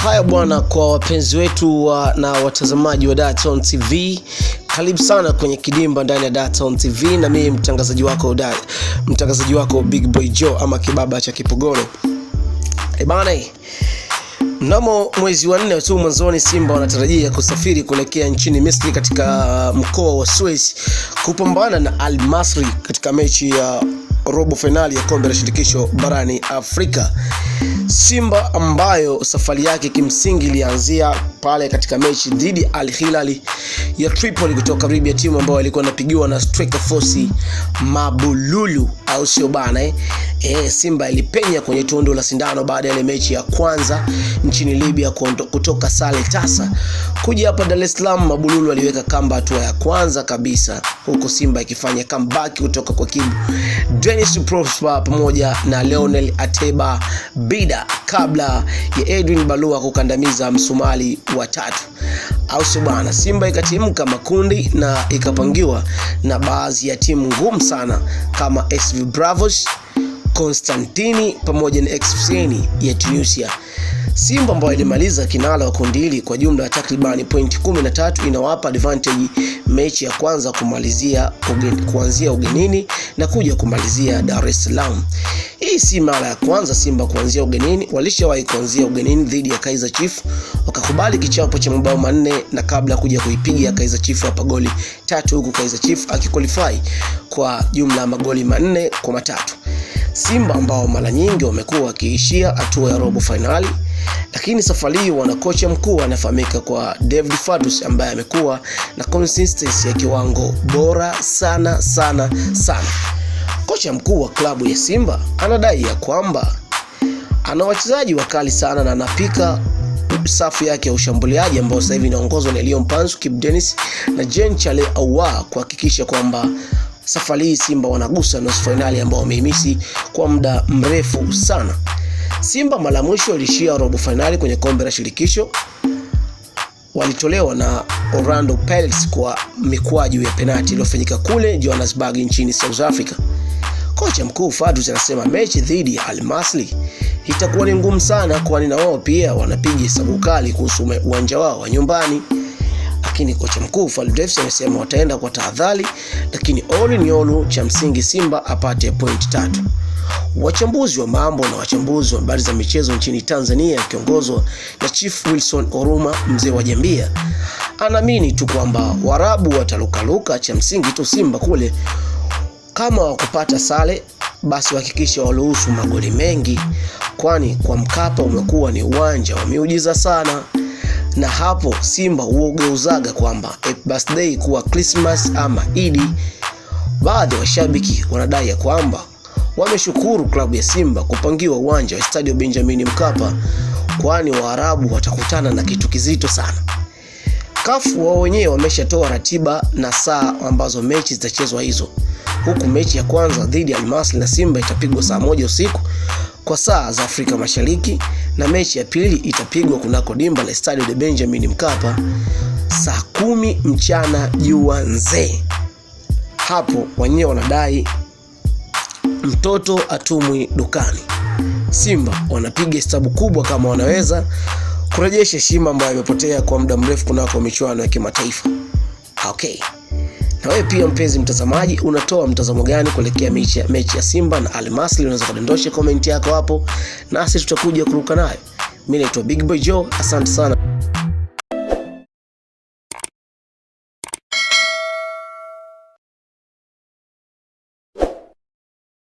Haya bwana, kwa wapenzi wetu wa, na watazamaji wa Darton TV, karibu sana kwenye kidimba ndani ya Darton TV, na mimi mtangazaji wako da, mtangazaji wako Big Boy Joe ama kibaba cha kipogoro E bana, mnamo mwezi wa nne tu mwanzoni, Simba wanatarajia kusafiri kuelekea nchini Misri katika mkoa wa Suez kupambana na Al katika mechi ya uh, robo fainali ya kombe la shirikisho barani Afrika. Simba ambayo safari yake kimsingi ilianzia pale katika mechi dhidi ya Al Hilal ya Tripoli kutoka Libya, timu ambayo ilikuwa inapigiwa na Strike force Mabululu, au sio bana eh? e, Simba ilipenya kwenye tundu la sindano baada ya ile mechi ya kwanza nchini Libya kutoka sale tasa kuja hapa Dar es Salaam. Mabululu aliweka kamba hatua ya kwanza kabisa, huko Simba ikifanya comeback kutoka kwa kibu Dennis Prosper pamoja na Leonel Ateba Bida kabla ya Edwin Balua kukandamiza msumali wa tatu, au sio Simba ikatimka makundi na ikapangiwa na baadhi ya timu ngumu sana kama SV Bravos Konstantini pamoja na Exfeni ya Tunisia. Simba ambayo ilimaliza kinara wa kundi hili kwa jumla ya takribani pointi 13 inawapa advantage mechi ya kwanza kumalizia ugen, kuanzia ugenini na kuja kumalizia Dar es Salaam. Hii si mara ya kwanza Simba kuanzia ugenini, walishawahi kuanzia ugenini dhidi ya Kaizer Chiefs wakakubali kichapo cha mabao manne, na kabla kuja kuipiga Kaizer Chiefs hapa goli tatu, huku Kaizer Chiefs akikwalify kwa jumla ya magoli manne kwa matatu. Simba ambao mara nyingi wamekuwa wakiishia hatua ya robo fainali, lakini safari hii wana kocha mkuu anafahamika kwa David Fadus ambaye amekuwa na consistency ya kiwango bora sana sana sana. Kocha mkuu wa klabu ya Simba anadai ya kwamba ana wachezaji wakali sana na anapika safu yake ya ushambuliaji ambao sasa hivi inaongozwa na Leon Pansu, Kibu Dennis na Jean Charles Ahoua kuhakikisha kwamba safari hii Simba wanagusa nusu fainali ambao wameimisi kwa muda mrefu sana. Simba mara mwisho walishia robo fainali kwenye kombe la shirikisho, walitolewa na Orlando Pirates kwa mikwaju ya penati iliyofanyika kule Johannesburg nchini South Africa. Kocha mkuu Fadus anasema mechi dhidi ya Al Masry itakuwa ni ngumu sana, kwani na wao pia wanapiga hesabu kali kuhusu uwanja wao wa nyumbani. Lakini kocha mkuu Fadlu Davids amesema wataenda kwa tahadhari, lakini all in all, cha msingi Simba apate pointi tatu. Wachambuzi wa mambo na wachambuzi wa habari za michezo nchini Tanzania akiongozwa na Chief Wilson Oruma, mzee wa jambia, anaamini tu kwamba Waarabu watalukaluka, cha msingi tu Simba kule kama wakupata sare basi wahakikishe waruhusu magoli mengi, kwani kwa Mkapa umekuwa ni uwanja wa miujiza sana na hapo Simba huogeuzaga kwamba birthday kuwa Christmas ama Idi. Baadhi ya washabiki wanadai ya kwamba wameshukuru klabu ya Simba kupangiwa uwanja wa Stadio Benjamin Mkapa, kwani Waarabu watakutana na kitu kizito sana. Kafu wao wenyewe wameshatoa ratiba na saa ambazo mechi zitachezwa hizo, huku mechi ya kwanza dhidi ya Almasry na Simba itapigwa saa moja usiku kwa saa za Afrika Mashariki, na mechi ya pili itapigwa kunako dimba la Stadio de Benjamin Mkapa saa kumi mchana jua nzee. Hapo wenyewe wanadai mtoto atumwi dukani. Simba wanapiga hesabu kubwa kama wanaweza kurejesha heshima ambayo imepotea kwa muda mrefu kunako michuano ya kimataifa. Okay. Na wewe pia mpenzi mtazamaji, unatoa mtazamo gani kuelekea mechi, mechi ya Simba na Al Masry? Unaweza kudondosha komenti yako hapo, nasi tutakuja kuruka nayo. Mimi naitwa Big Boy Joe, asante sana.